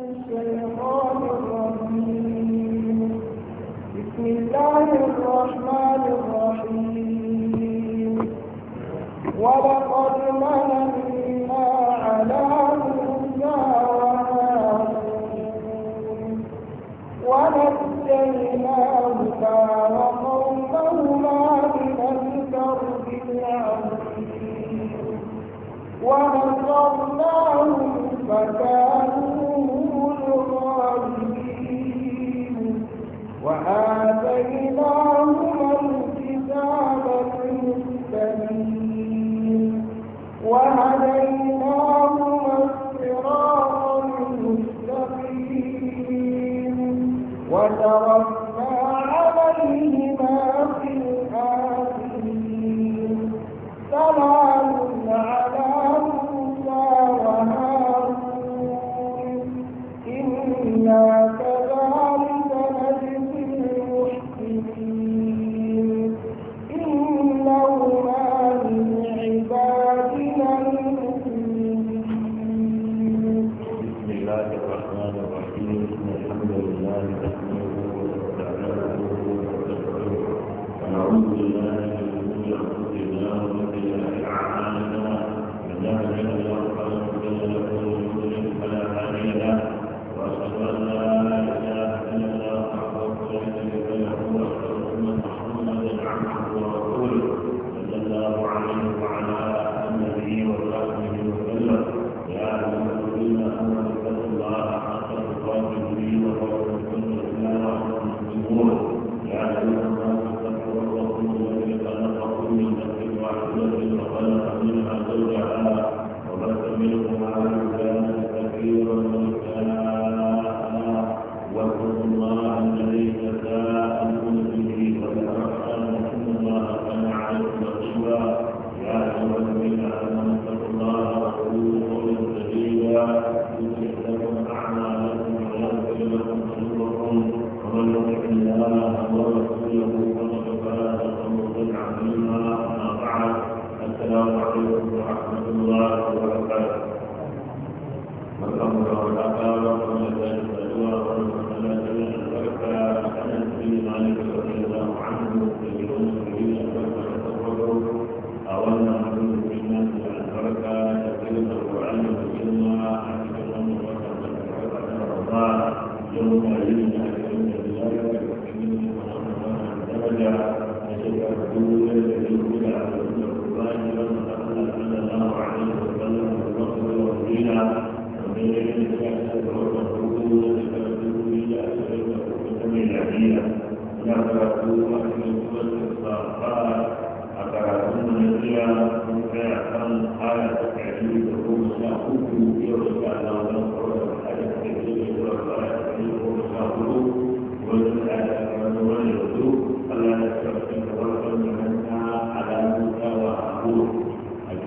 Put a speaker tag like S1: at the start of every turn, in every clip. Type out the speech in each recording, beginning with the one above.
S1: شيئا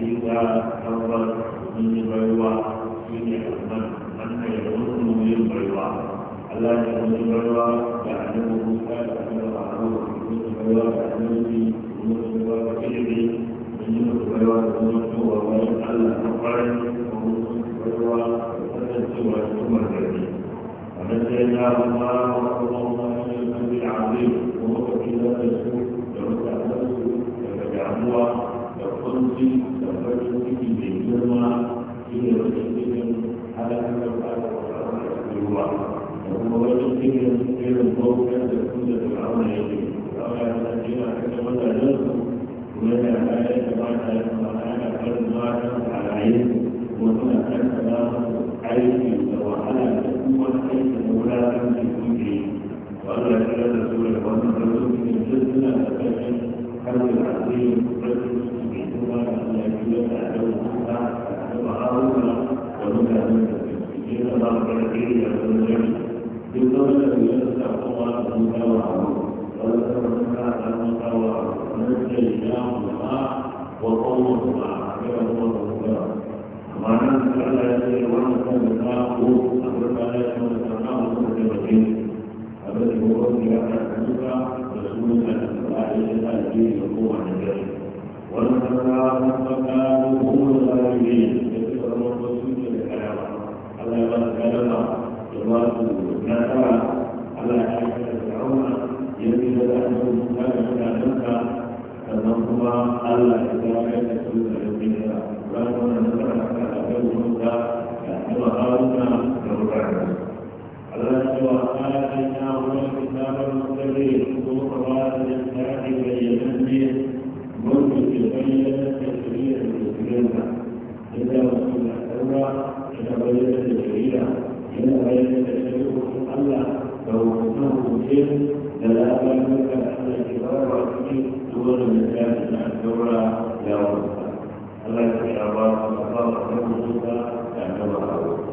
S2: hakika tabbas mun yi baiwa shi ne amman wannan ya wasu mun yi baiwa Allah ya mun yi baiwa da annabi Musa da annabi Haruna mun yi baiwa da annabi mun yi baiwa da ilimi mun yi baiwa da mun yi baiwa Allah ta kwarai mun yi baiwa da kasancewa cikin margari. Wannan sai ya zama wa 看了最近，最近自己突然之间没有感觉，不干了。然后我老公呢，我老公也辞职了，到外地去打工去了。听说现在在东莞东莞打工，然后他现在在东莞，现在在家，我老公不管，不管我怎么着。晚上你看看这些，晚上中午他不不吃饭，他就是想拿我挣的钱。反正我老公现在上班，我上班。ذلك الدين هو النجاح الغالبين يذكر الرسول الكلام على من كلم جواب نسى على حيث فرعون يجد له مكان كلامك فنظم على كتابك كل يومك ولكن نسى على كلامك كما قالنا الله وآتيناه الكتاب المستبين مقرات الإنسان بينته ملك تبين تشريع المسلمين إذا وصل التوبة تبين التشريع إذا بين التشريع الله فوقته شيء دلالة منك على الكبار والكبير دون الإنسان مع الدورة لا وصل الله سبحانه وتعالى وصلى الله عليه وسلم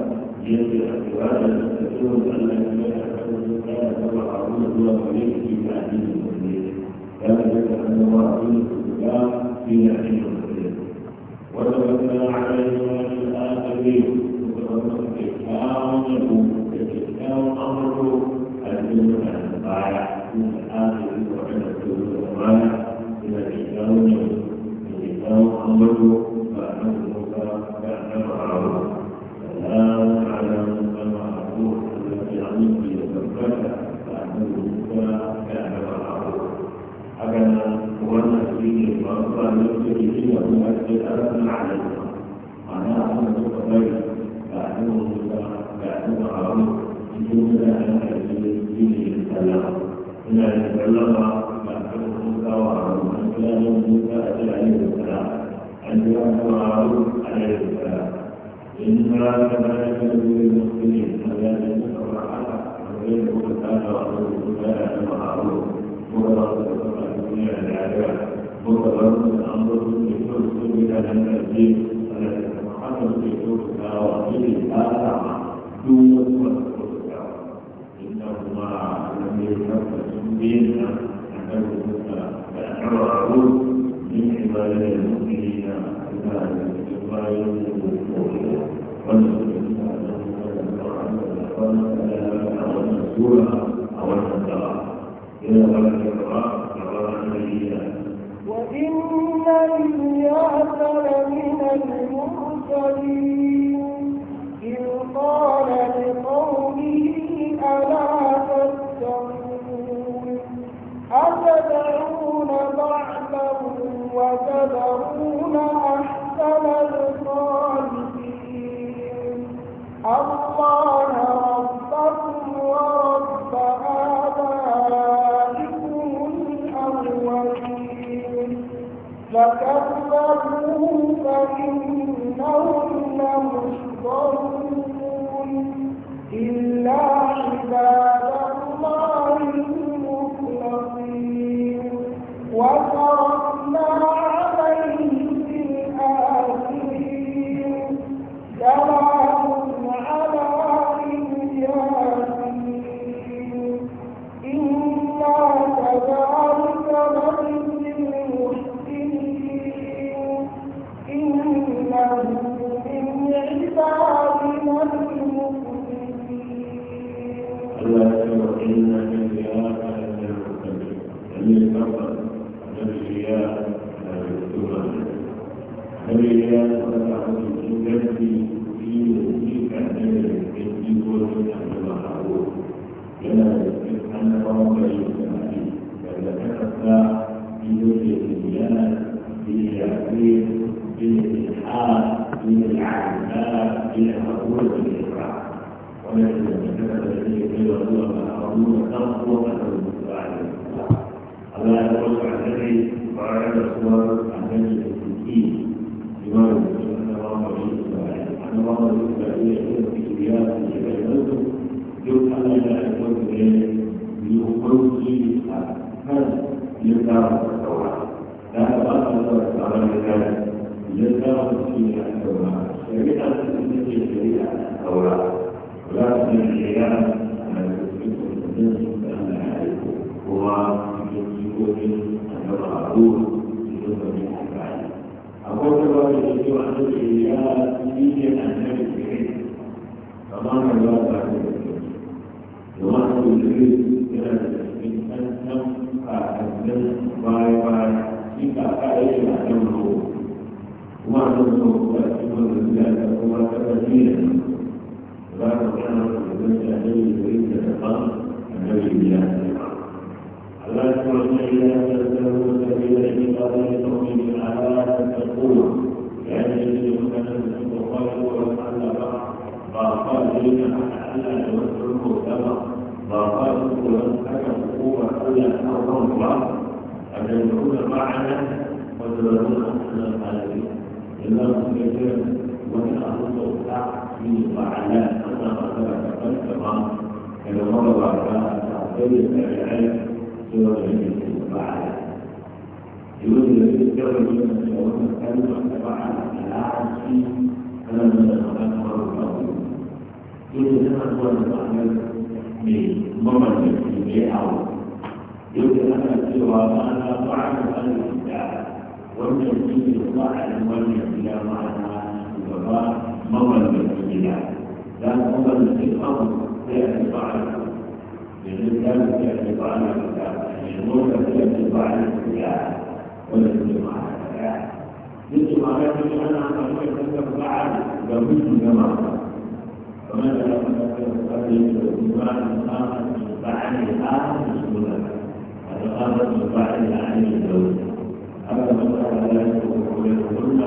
S2: يجب أكوان المستكون أن يكون أحسن كان هو عظيم هو مريض في تعليم المسلمين كان يجب أن هو عظيم الإسلام في تعليم المسلمين وتوكل عليه الآخرين وتوكل إسلام له الإسلام أمره الدين أن يطاع من الآخر وعلى الدين الرابع إلى الإسلام له الإسلام أمره إنا كذلك نجزي المحسنين الذين شكروا على ويدعو الآن وأمرهم لا المعروف وغرض الدنيا العذاب وغرض الأمر في كل أن تأتيه أقول الله يجب أن الإله فيه النبي الكريم فما الله بعد وأن الجليل إلى الإنسان فأحزن بايباي إذا كأي أحزنه وأن الله تأتيه الرجال وما تبديل لا تقنع بالنسبة إليه النبي الكريم ولا تكون سبيلا تبتغوا سبيل الشيطان لقوم لا تتقون يعني يجب وقالوا لعل بعض الذين الا يوسعوا كما وقالوا لن تكفوا الا حرم بعض ان يكون معنا وتذرون احسن العالمين انهم كثيرا ومن انفسهم تعصي وعلى ان قد تبقى كما مر بعد تعطيل العلم سورة العلم يقول الذي ذكر من الشعور الكلمة تبعا على عرشي فلا بد فقد مر الأول يقول هذا هو المعنى من مرض يقول أن سوى معنى طعن أهل الكتاب ومن الدين الطعن ومن إلى في الأرض لذلك يتبع عن الكتاب الموت يتبع عن الكتاب ويتبع عن الكتاب يجب أنا أن أتذكر بعد زوجتي كما فماذا لو أتذكر بعد الآخر بعد الآخر مسؤولا الآخر بعد عن الزوج أما من قال لا يقولون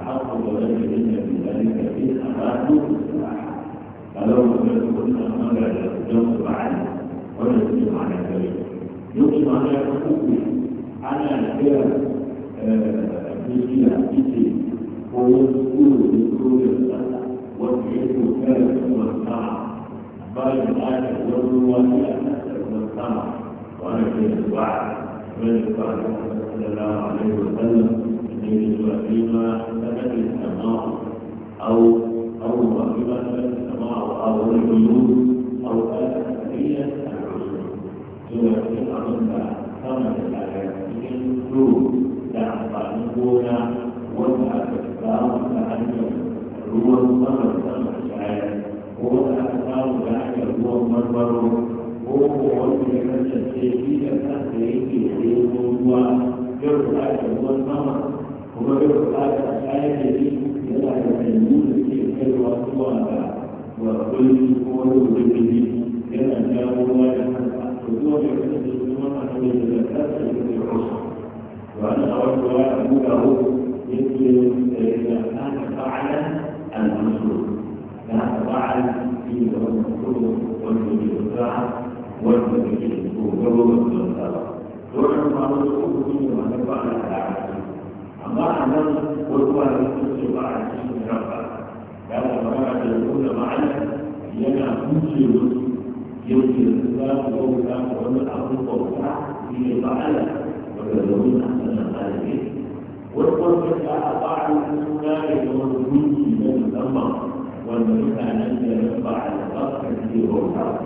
S2: أحق بذلك في ذلك إن أرادوا فلو لم يكن هناك زوج بعد ويقيم على ذلك يقيم على حقوقه على الحياة الجزئية التي هو يذكر بذكور الصلاة ويدعو كذا والطاعة بل الآية والرواية والطاعة وأنا في الوعد من قال صلى الله عليه وسلم الذي يقيم سنة السماء أو أو ما في السماء أو البيوت kowace abin da sama da daga cikin su da amfanin gona wanda aka samu ta hanyar ruwan sama da sama shayar ko wanda aka samu ta hanyar ruwan marmaro ko ko wanda ya kasance shi da kansa yake ɗebo ruwa yau da aka ruwan sama kuma yau da aka shayar da shi yana da sanyi da ke kaiwa zuwa ga wa kulli ko wani wuri yana jawo ruwa da kansa بدون يكون أنه يتذكر في الحسن وأنا أود أن أقوله إذا كان فعلا المنصور كان فعلا في المنصور والذي يدفع والذي يدفعه والذي ورحمة الله وبركاته وأن يفعل هذا أما أنه قلوا أن يتبع الشيء ربا كان مرة يقول معنا لنا كل شيء يوجد الإسلام وهو الإسلام وهو العقل والصلاح به فعل وكذلون أحسن الخالقين والقرب جاء بعض الأسلام والوجود من الأمر والملك أن ينفع على الأرض في روحه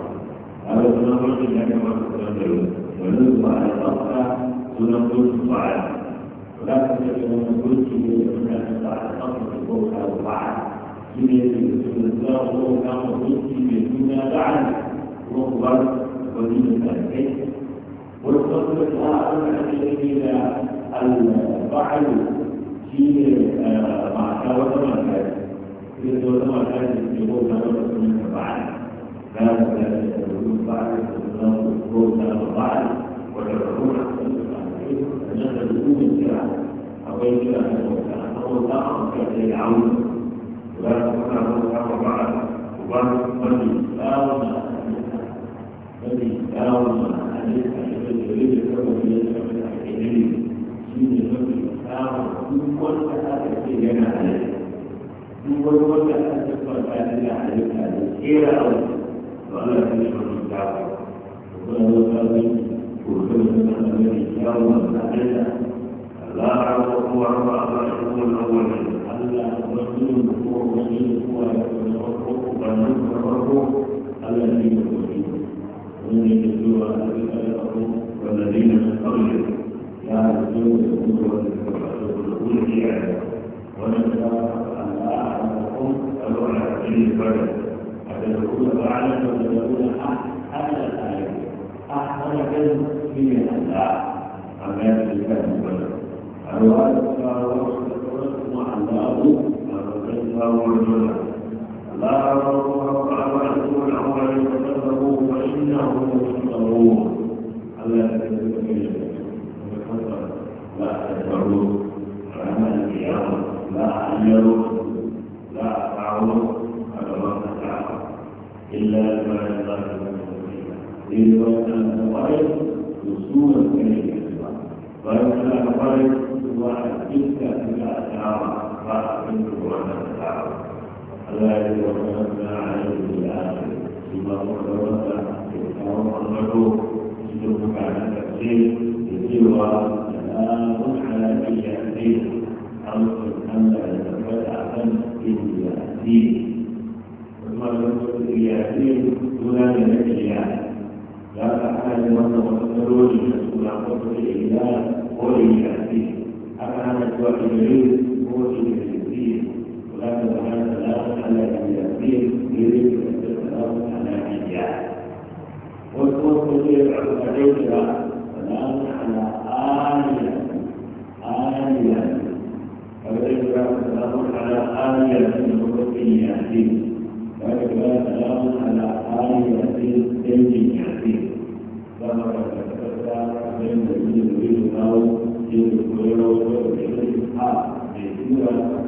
S2: هذا سنة رجل كما تتنبه وننفع على الأرض سنة فعل ولكن كما نقول في أن على الأرض في روحه وفعل إذا يجب أن يكون الإسلام وهو كان وجود في الدنيا بعد مخبر ولي الحج والخطوة الآخرة التي إلى الفعل في آه، معتوى المكان في دولة المكان في هو دولة من بعد ذلك الحدود بعد الله الكون بعد وتدعون فنحن بدون الكلام أقول كلام أقول تعرف كيف يدعون ولا تكون أقول تعرف بعد وبعد من يساوي الذي ومن يتبعوا والذين من قبلهم يعرفون الامور ويتبعون شعرا ونسال ان اعلمكم الوعد في البلد حتى تكون اعلم وتكون احسن الايه احسن كلمه في الاعلى عمال في البلد الوعد صار وقت وعلاه فقد صار رجلا لا تطرق أبعدوا الأول وكذبوا فإنهم مفترون ألا تتبين لا تكبروا فأما القيامة لا أعيروا لا أفعلوا على ما تفعل إلا ما يزال من إذا كان الغيب دستور الكلمة فإن الغيب هو تلك الأشعار ما ونفسك ذلك وكتبنا عليه بالآخر فيما قدرت إنه محمد يدلك على التفسير سوى كلام على من يأتيه أمر أن لا يتفتح إن ثم يقول يأتيه دون يأتيه لا أحد من تقتلون يسمع قتل إله ولي يأتيه أفهم الوحي هو ولا تتلاقى على التكبير يريد التلاقى على الحجاب والقوة تجيب عليها تلاقى على آلية آلية فبدأ تلاقى على آلية الركن يأتيه وكذا تلاقى على آلية الدين يأتيه كما تذكرت بين الذين يريدون أو يريدون أو يريدون أو يريدون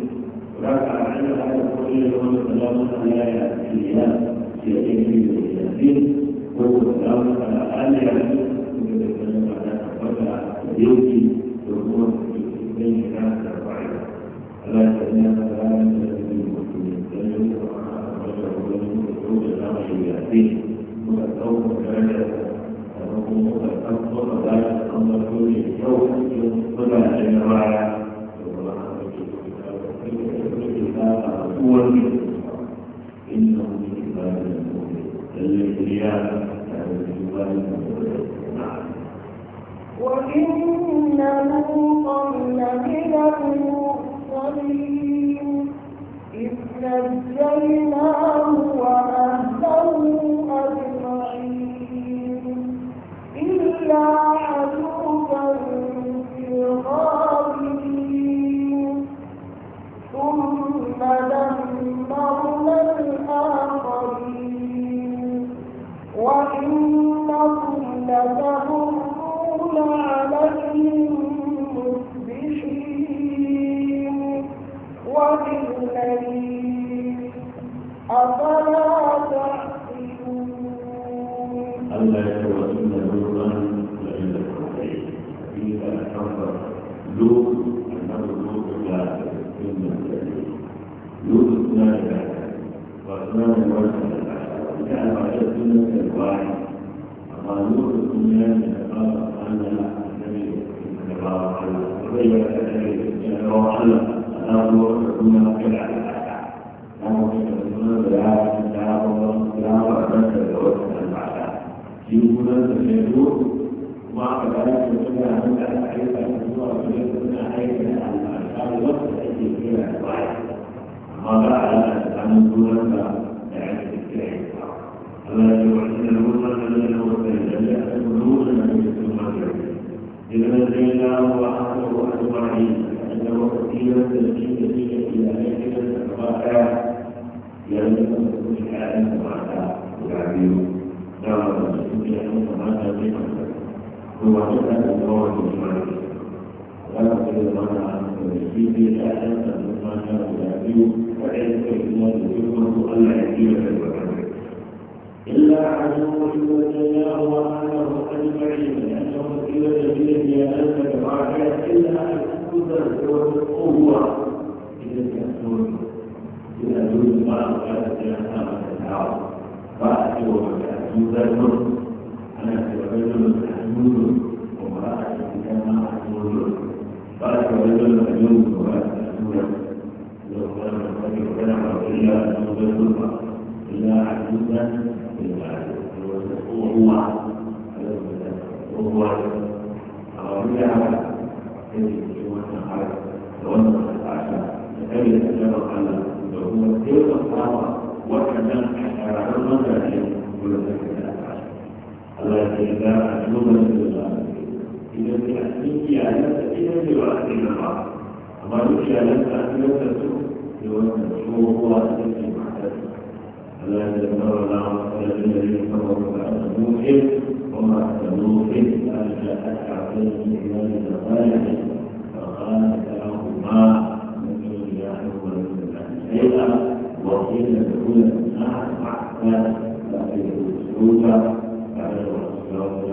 S2: رفع عنه على كل يوم تلاوة آية الإله في أيدي المسلمين وهو تلاوة آية ويتكلم على تقوى يوتي وهو بين الناس الأربعين ألا يسألنا فلا يسأل المسلمين بل يوقع رجل ولم يخرج النار يأتيه وتوبة درجة وهو متكبر لا يتقبل كل يوم يوم صلى الله عليه وسلم قوته إنه من عباد المؤمنين الكرياء كان من
S1: وإنه قبل من المرسلين إذ نجيناه وأهله فتمرون عليهم مصبحين وبالليل أفلا تعقلون ألا يتوسل نورا
S2: لئن لكم فيك أكبر لوط أنه لوط لا إن لوط لا وأسلام الوجه كان على سنة الواحد ba lokacin ya yi da ba الله عليه أنه كثيرا تلقيه الذين إلى أجل الأخلاق يجب أن تكون حالا معها العبيد نعم تكون حالا معها بين هو حتى الله سبحانه وتعالى قال الله عنه في حالا معها العبيد فعلم إلا بجمة أن يجيب إلا عدو وجناه وآله إلا عجوزا في الغالب إذا أجوبة لله إذا تأتيك يا لك إذا تبعث إلى أما يخشى لك أن يوكسوا يوكسوا هو أساسي محتاجه فلا يتذكر ولا ولا الذي كفروا فأخذوه وما أخذوه أن جاءت عليه إلى الغاية فقال لهما مثل يا أول من شيئا وقيل دخول النار مع الثالث فأخذوه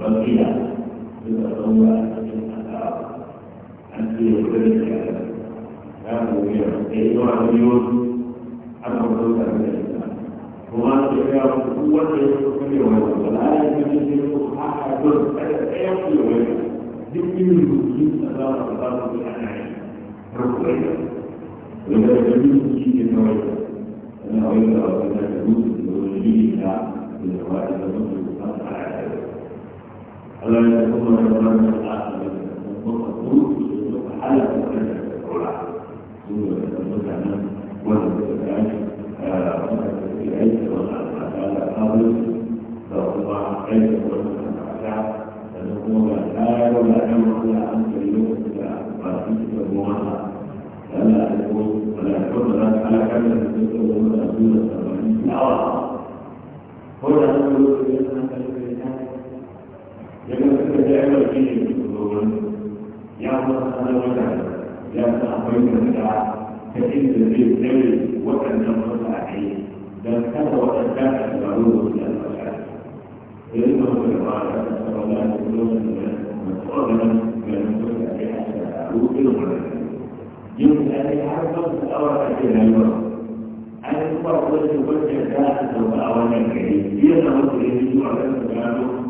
S2: بقي يتطوع حتى يخرج كانوا يدعون اليوم من الإسلام وما تشعر قوة يسكن ولا يمكن أن حتى يقضي يومه ذكر المسلم أدار الله بالأنعام ركوعية وإذا جميل مسلم يتوجه أنا أريد أن أقول لك مسلم يوجد لي في الوالد المسلم صلى الله عليه ولا يكون لهم من العقل والمقصود حل مكان العلا ثم يتمتع منه ولا يتمتع العيش ولا قبل فهو عيش ولا فنقول لا ولا امر ولا امر اليوم ولا قاتل ولا فلا يكون ولا يكون لك على كذا تذكر ولا دون ثمانين هنا نقول بأنك الإنسان لما كنت دائما فيه الظلم يعمل انا ولا لا تعمل الساعه فان الذي يسوي وكان يمر عليه بل كان وكان المعروف من الاشعار فانه قال صلى الله عليه وسلم مسؤولا من انفس عليها المعروف بالغلط يمكن ان يحفظ الاوراق الى اليوم أن يقرأ وجه وجه ذاته أو أولا كريم، لأنه يجب أن يكون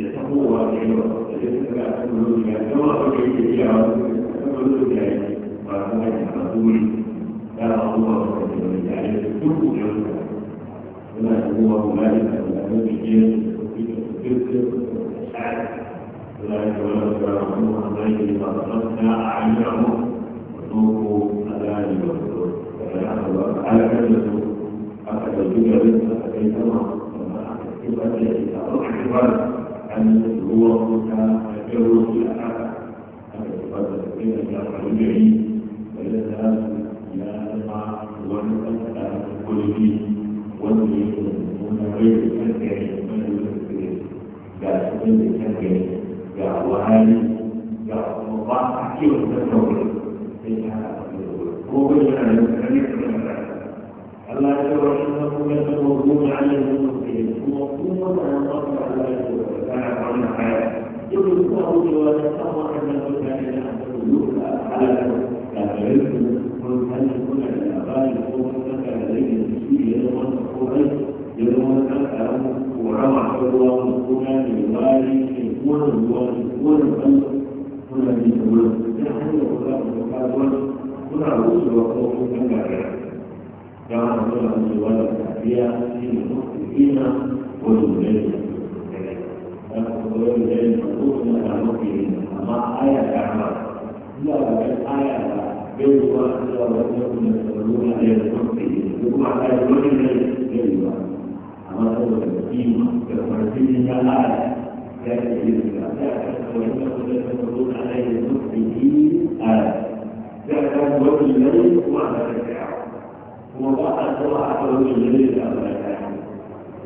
S2: التقوى والعلم الذي تبع كل ذلك سواء في الجزية أو كل ذلك وهو الرسول كان الله رسول يعني كل جزء كما هو مالك الأمام الجيش ذلك ولد رحمه الله وصدقنا أعينهم وطوقوا أذان وصدق فلا الله على كلمة أخذ الجبل أخذ الجبل أخذ الجبل أخذ الجبل أن روحك تروح لها قد قيل يا ربيعي فلذا لا أسمع ونفسها قلبي والبيت هنا غير من المسلمين يا سبيل الشركة يا وهالي يا الله أحكي وتتوكل إنها أقول هو بالفعل الله يرحمه ويتوب عليه المسلمين ومقوم على الله تعلمون خيرا يذكره ويتصور انه كان يحصل على كافرين هل يكون الاباء يقوم لك لديه المسيح يدعو القران يدعو لك وروى حلوه القران يوالي يكون يوالي يكون القلب هنا من الولد نحن وكان الكافر هنا الرسل وقوم لك كافرين كما نقول عن الولد الحياه في المخطئين والمدينه وغير ذلك مخلوق من المخلوقين أما آية كاملة لا بل آية غير واحد لا بد من المخلوق غير المخلوقين يقول على غير غير واحد أما هو الدين كفرتين لا آية كانت تلك وإنه لتمرون عليه المخلوقين آية كان وجه الليل وعلى الركعة وضاعت وضاعت وجه الليل على الركعة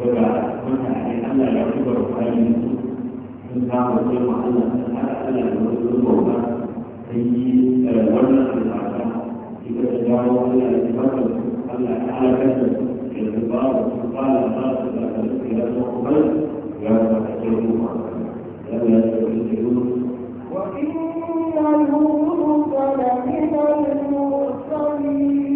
S2: ولا متى يعني ألا يعتبر خالد إن كان مسلم ألا ألا يعتبر الأعداء آه، إذا تجاوز ألا يتفرد ألا تعالى كسب الكبار قال الناس إذا تقبل يا تحجبهم لم يستطيعون
S1: وإنه لمن المرسلين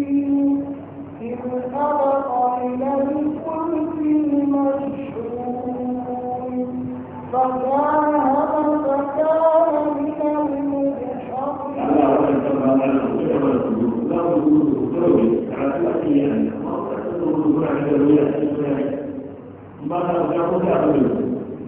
S2: ba ta da kuma da abin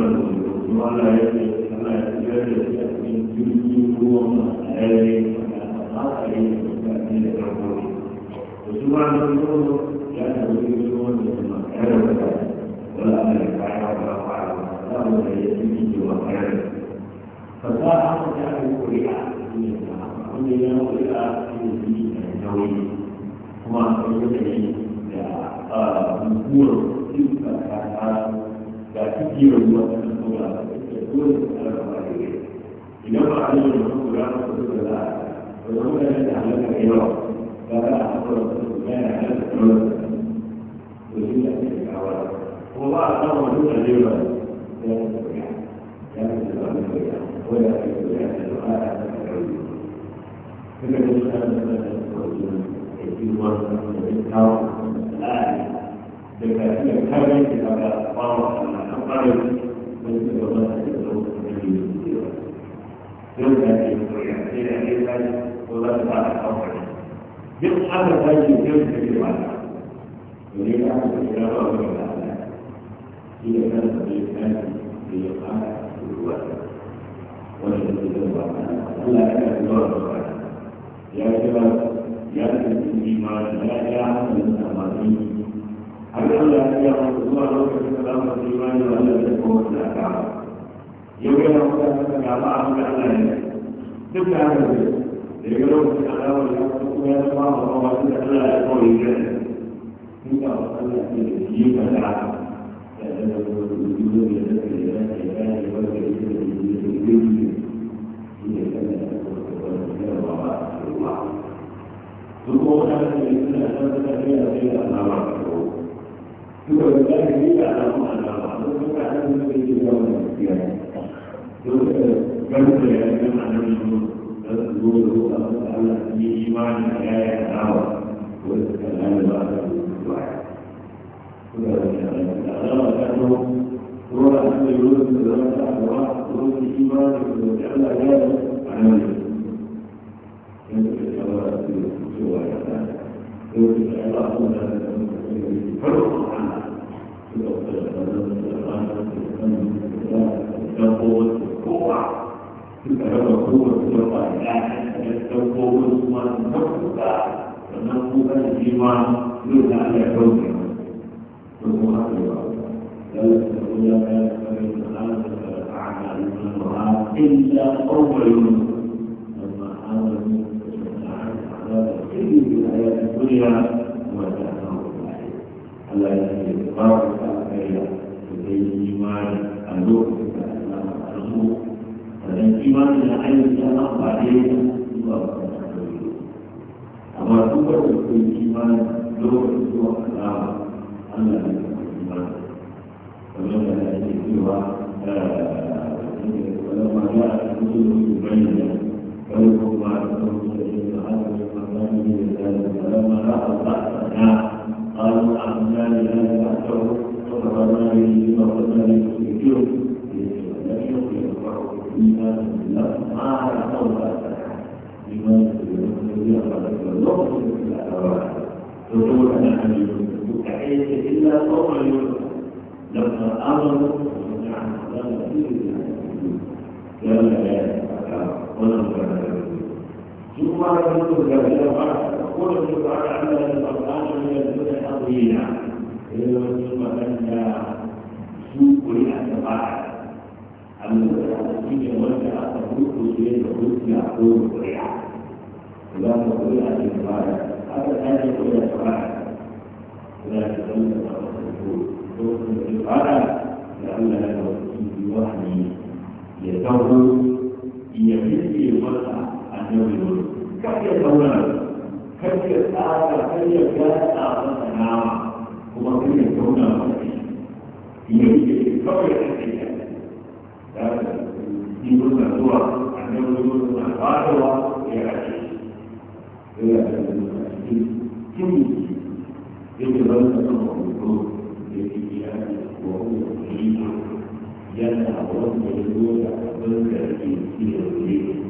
S2: kuma a cikin da ya da a hukumar cikin kasa da suke yi ruwa da nuna da dole su kara da wani ne idan ba a yi ruwa su kara da su da za a da kuma yana da halaka da yawa ba za a haƙura da su da yana da tsoron da su shi da ake kawo kuma ba a samu wani da ne ba da ya da ya ya da ba da ya ko da ake da ya da ba a da kauri kuma da shi da da da da kauri da shi ruwa da ya kawo da da da da da da da da da da da da يقحب الرجل يوم في الوعد وليس أحد إلى رب العالمين هي كانت بالإنسان في إقامة الوعد وليس ألا كان دور الوعد يا شباب يا الإيمان لا يعمل الأمانين حتى لا يقول الله لك السلام والإيمان وأن تكون الأكعب يوم يقول لك على عبد الله تبقى على ذلك يقول لك السلام والإيمان وأن تكون الأكعب لا يقول الجنة إن أرسلنا إليك العبد ثم Gracias. تقول قوة تتحرك قوة تلقى تقول قوة نفسك فنفسك الإيمان دون أن يكون ثم إلا قوم يونس لما آمنوا عذاب الخزي في الحياة الدنيا وما تأثروا عليه ألا يهدي الله تعالى yi imani a lokacin da Allah ya karbo sannan imani da ayyuka amfani da zuwa amma duk wanda ke imani lokacin zuwa Allah Allah ya karbo imani kamar da ake cewa ولما جاءت رسلهم بالبينات فلما تقوم بالعدل والقرآن فلما رأوا البأس قال عن لا اله اكبر وكفرنا به وكفرنا به بالجوع يشرك يكفر ايمان بالله ما على قول ايمان بالله ويقول يقول انا حبيب تحيت الا قوم يوسف لما امروا نعم لا نسير الى قال لا يا ولم يعلم ثم يقول ذلك يقول الشرع على القرآن من الدنيا عظيمة ثم أن سوء الأتباع المتحدثين وجه تقول سيد الرسل يقول الرياء لا تقول الأتباع هذا كان يقول الأتباع لا تقول الأتباع لأن له في وحي يدور يمد المرأة يوجد كفي الأولاد كفي الآخر كفي الجاسة والسلامة هو كفي الكون يجب كفي الحقيقة يقول الصورة عن يوجد الغاية ويعيش يجب أن تصبح الظروف التي كانت وهو يريد لأن أولا يدور على ذلك في الدين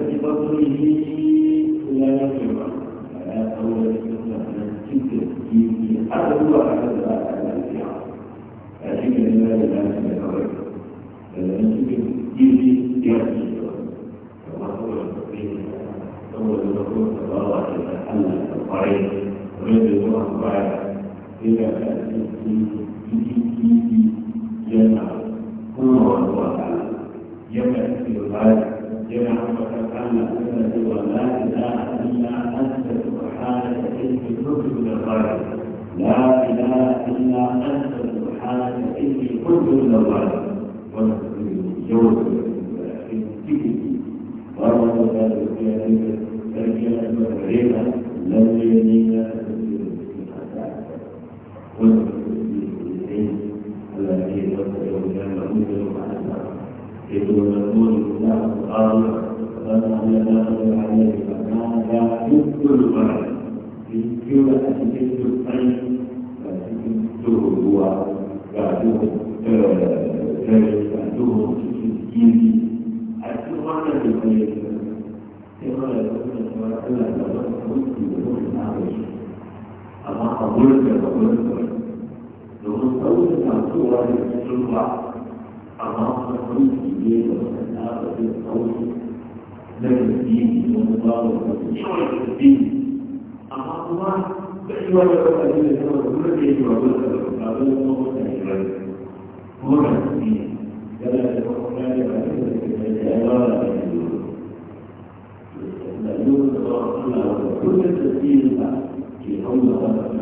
S2: قوله إلى يوم القيامة فلا قول لكم على الذكر فيه حتى هو حتى على الذكر لكن لله لا تتبعون فلا الذكر فيه يأتي كما هو الفقير أول ما قلت تبارك وتعالى القريب ويدعو الله إلى 论者的论者，有的都是想做完这个计划，然后和同企业有很大的这个投资，那个比你们高的效率是低，然后的话，另外一个问题是，我们这个论者，把这个东西解决，不是你，原来是我们这个这个台湾的这个，那有的时候，那我们。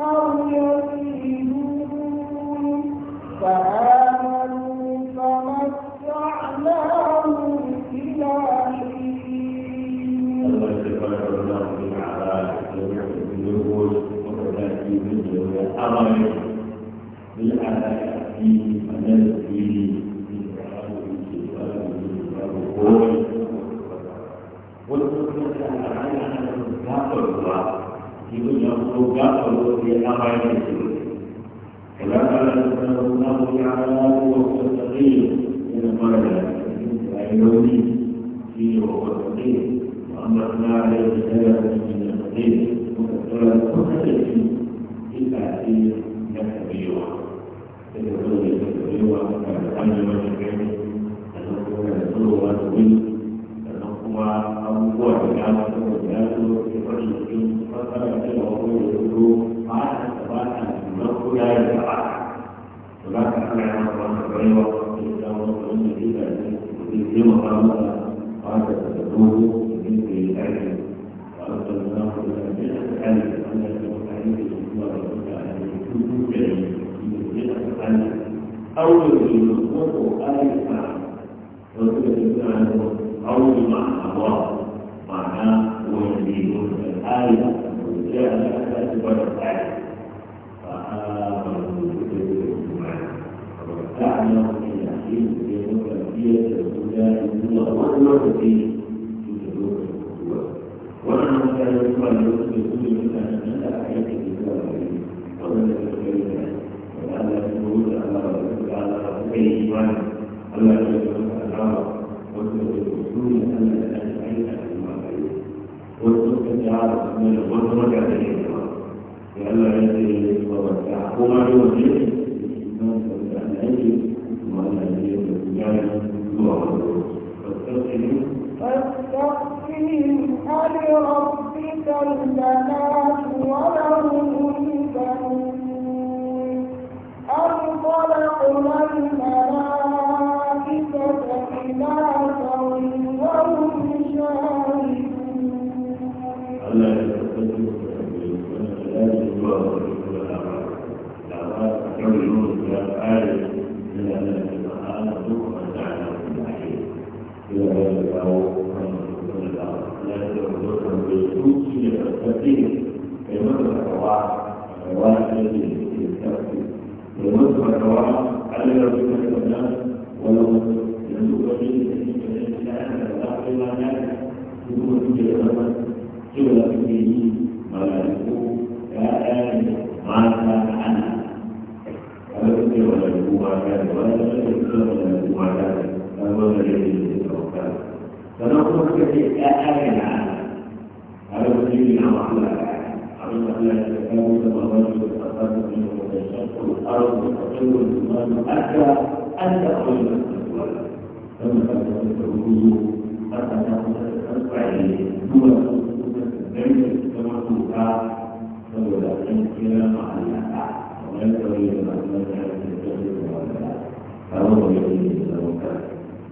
S1: أو يكيدون فآمنوا
S2: من الغرفة كذلك لألا يأتي وما يوجد أن يأتي وأن يأتي بجانب
S1: فاستغفرهم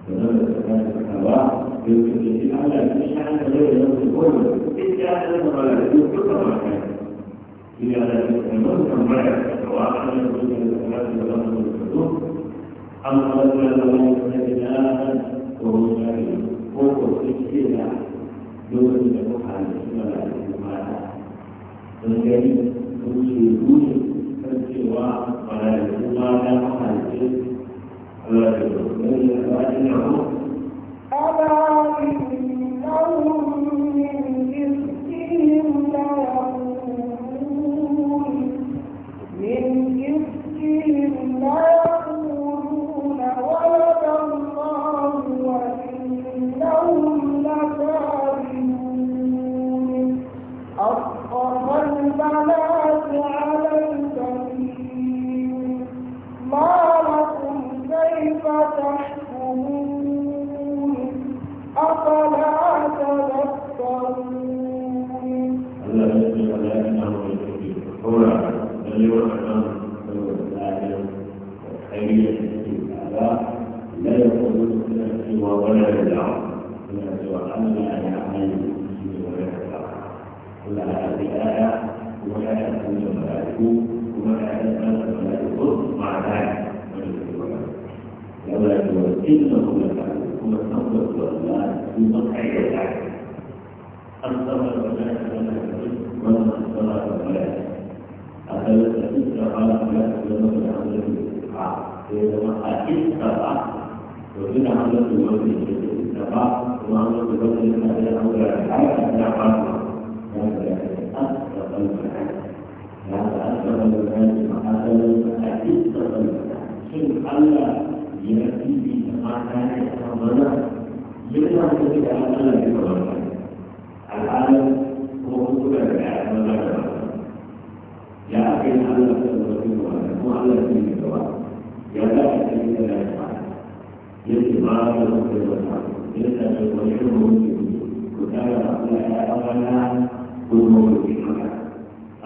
S2: فلما تكلم أن لا تشعر غير يوم الكون إذا أنت ولا تشعر ما كان إذا لا تكلم ألا إنهم ويتوقع استطاع وجود عملة الوزن استطاع وعملة الوزن الذي أمر الحياة لا قرار هذا أسقط المكان هذا أسقط المكان هذا أسقط المكان شن ألا يأتي بمعنى ربنا يمنع ذلك أن ألا يكبر العالم هو مطلع العالم لا يا أخي الله سبحانه وتعالى هو الله سبحانه وتعالى ولا أكيد لا يفعل يتبع الرسول والحق يسأل ويشره وكان أقلها أغنى كل موجود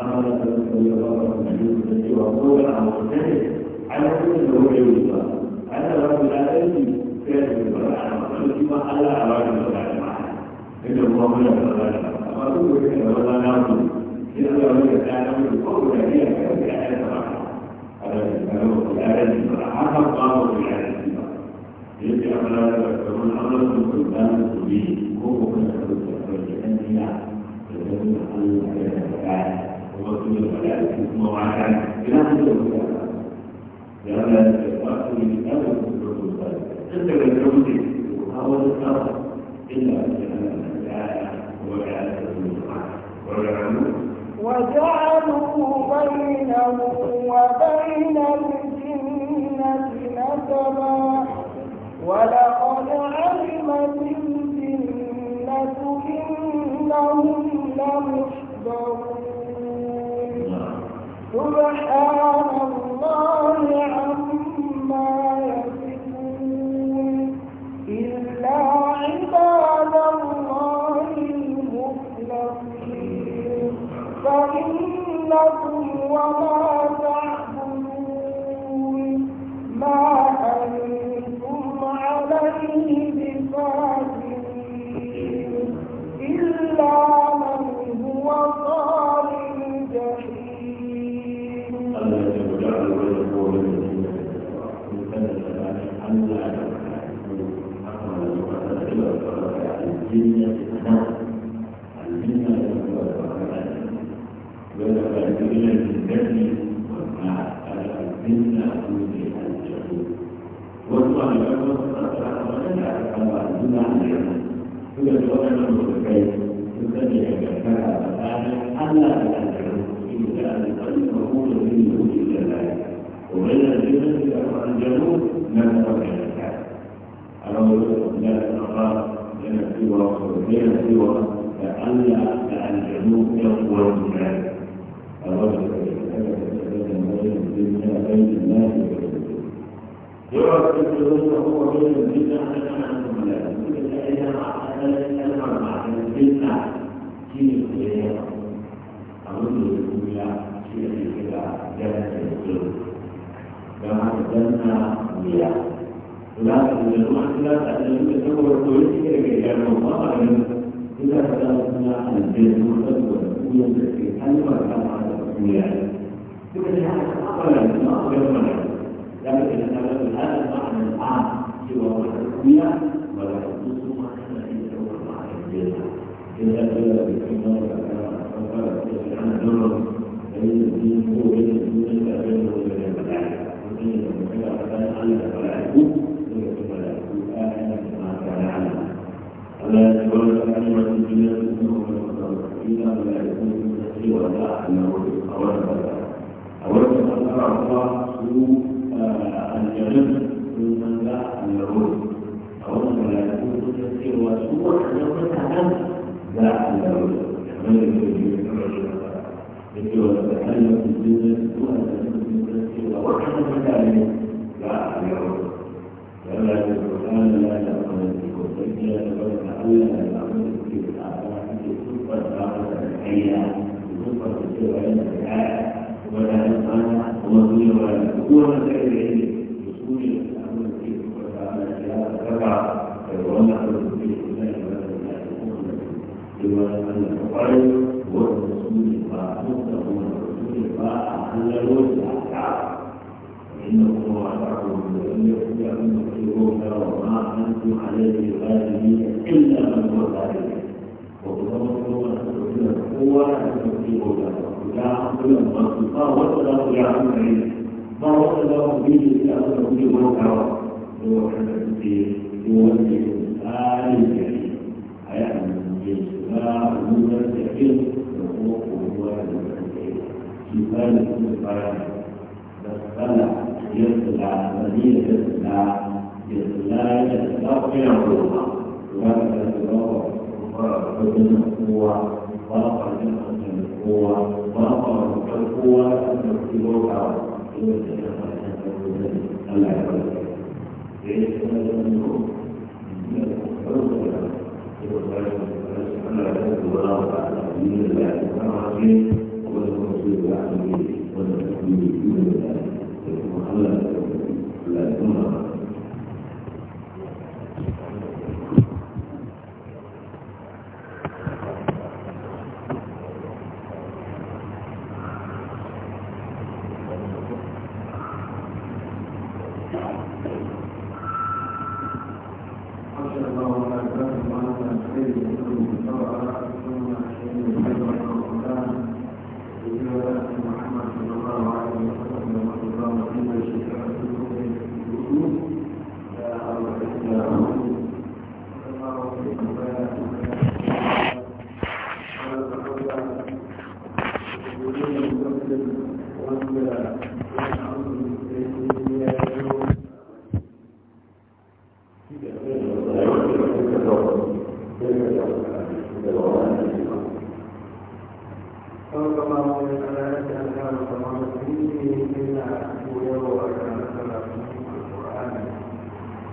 S2: أمر الرسول صلى الله عليه وسلم وقول عن على كل روح على رب العالمين كان يقول على أراضي الله معنا إن الله لا يفعل أما كل شيء ولا نعلم إذا لم يكن يعلم القول الذي كان يعلم حسب قاموا بالعدل يجب أن لا يذكرون أمرهم سلطان به هو كل أن يعلم يجب أن يتفاعل وكل الفلاح اسمه وعشان إلى أن يكون لأن الوقت من أول السلطان أنت من جمسي وهو الصبر إلا أن تعالى وجعل سبيل الرحمة وجعلوه
S1: وجعلوا بينه وبين الجنة نسبا ولقد علمت الجنة إنهم لمحضرون
S2: الجسم والقوة في حل وكما تسمية لكن هذا أقل من أقل من لكن هذا المعنى العام سوى التسمية ولا يخص ما كان في سوى مع الجسم إذا قيل بكما وكما تسمية عن الجمر فإن الدين هو بين الدين فبينه وبين الملائكة وبين الملائكة على الملائكة ثم الملائكة آخر ما كان ولا يتولى كلمة الدنيا منهم المتطرفين ولا يكون بالتقي ولا أنه أولد أولد أن ترى الله سوء الجنة من لا أن يرد أولد أن لا أن في الدنيا سوء الجنة من لا أن يرد ولا يقولان لا يأخذ بكم فإذا تبرك ألا يأخذ بكم الأعراف بكفة الأعراف الحية بكفة السوء ولا يقال هو دون ولا هو من غير علم بصول الأمر في كفة الأعراف لا تبع ولا يأخذ بكم الله ولا يأخذ بكم أن الفعل هو الرسول فأخذه الرسول فأحله الأعراف إنه هو العفو ولم يكن يكفرون وما أنتم عليه بغالبين إلا من هو ذلك وقدرته أن تكون القوة أن تكفروا له وجعلت لهم السلطان وصله إلى أمره ما وصله به إلى أمره وكره هو في آل الكريم أيأمن بالسماء نور الكريم يقوم هو في ذلك القرآن فاستلع يطلع مدينة يطلع يطلع يتلقى الله وهذا يتلقى بدون القوة ورفع جنة من القوة ورفع القوة أن يكتبوها الله يرضى ليش هذا منهم؟ من القرآن ولا تعالى من الله وما فيه ولا رسول الله ولا تحمل من الله Allah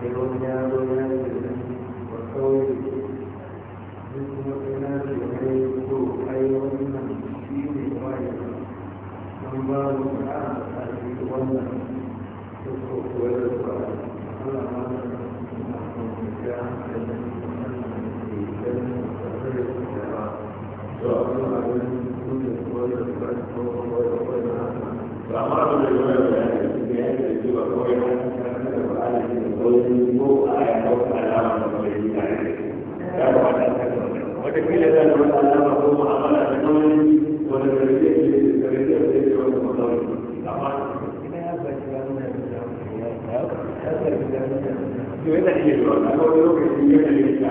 S2: بالعناد والنازل والثور ذكر العناد وغيره خير من فيه غيره من باب تعالى هذه الغنى تترك ولدك على ما فأمر بالرواية بأن الجهاد يجب أن يكون على الدين ake zuwa a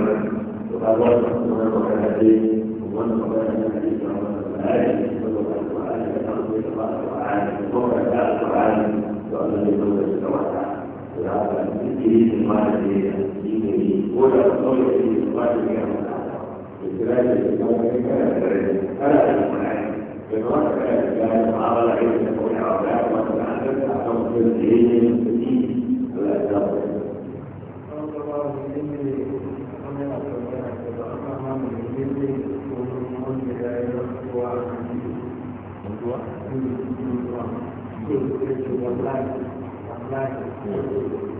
S2: kuma da da وقال الله سبحانه وتعالى ومن قبل من حديث عمر بن عائشة وقال القرآن يحفظ الله القرآن وقال القرآن وأن يكون يتوسع ويعطى الكريم المعنى دينه ولا تصور الكريم المعنى دينه بكلام الإسلام كان كريم ألا القرآن بما كان الإسلام معاملة عند القرآن وما تعلمت أعلم في الدين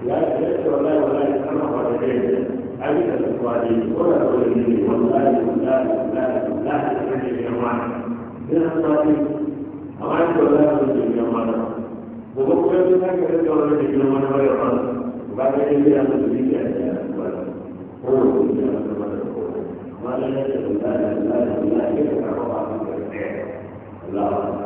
S2: لا ليس والله ولا يسمى والدين عبد الصالحين ولا والله والله والله والله تحدي من الصالحين أمانة والله والدين اليمان ومقبل ذلك الذي هو الذي اليمان ويقال وبعد ذلك يأخذ بك هو ما لا يجب أن لا لا لا يكفر الله عنك الله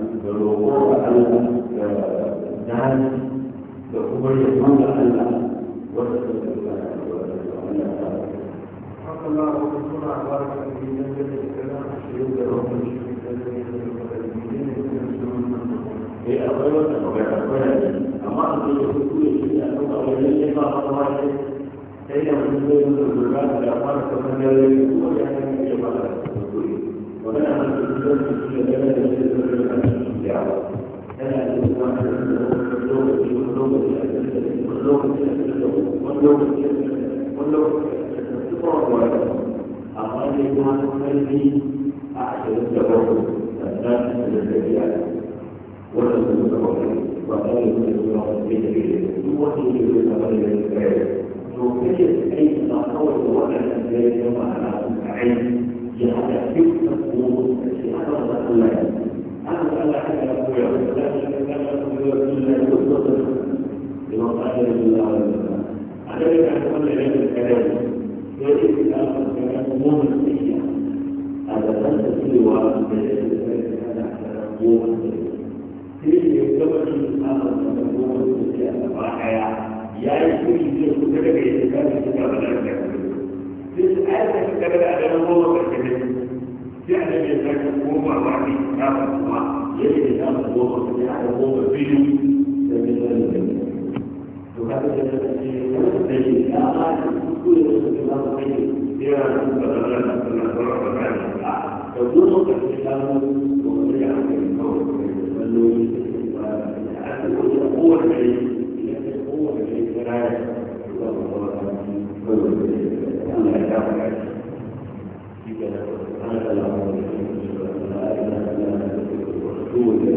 S2: الوقوع على الدعم لكم اليمن على حق الله وكفر أخبارك في جنة الكلام الشيوخ لهم الشيوخ الذين يتكلمون في أخبارك وكفر أما أن يكون شيء أنه أولي يقع أخبارك سيدا من يكون الظلمات لأخبارك ومن لا يكون لأنه يجب على الكفر ومن أن يكون الظلمات لأخبارك ولو ولو تطور أقل ما تخلي أحسن التوكل الناس للبيع ولو تطور وأقل من الصراط في سبيله يوحي إلى الأمر للبيع يوجد أي تطور ولا تزال مع العلم جعل فتنة الأمور التي حصلت لنا أما على حاجة أقول لك لا شك أن الله يقدر بما قال الله عليك أن تكون علم الكلام يجب أن تكون الكلام مهم فيها هذا لن تسوى فيه يكتبه سبحانه وتعالى يا يسوع يسوع كتب الكتاب كتاب الأنبياء لسألت كتاب الأنبياء هو كتبه يعني يتكلم هو وعدي كتاب الله يجب أن هو كتاب هو فيه to kaga da da da shi na ma ku da su da da da da da da da da da da ko da ko da da da ko da ko da da ko da da da da ko da da da da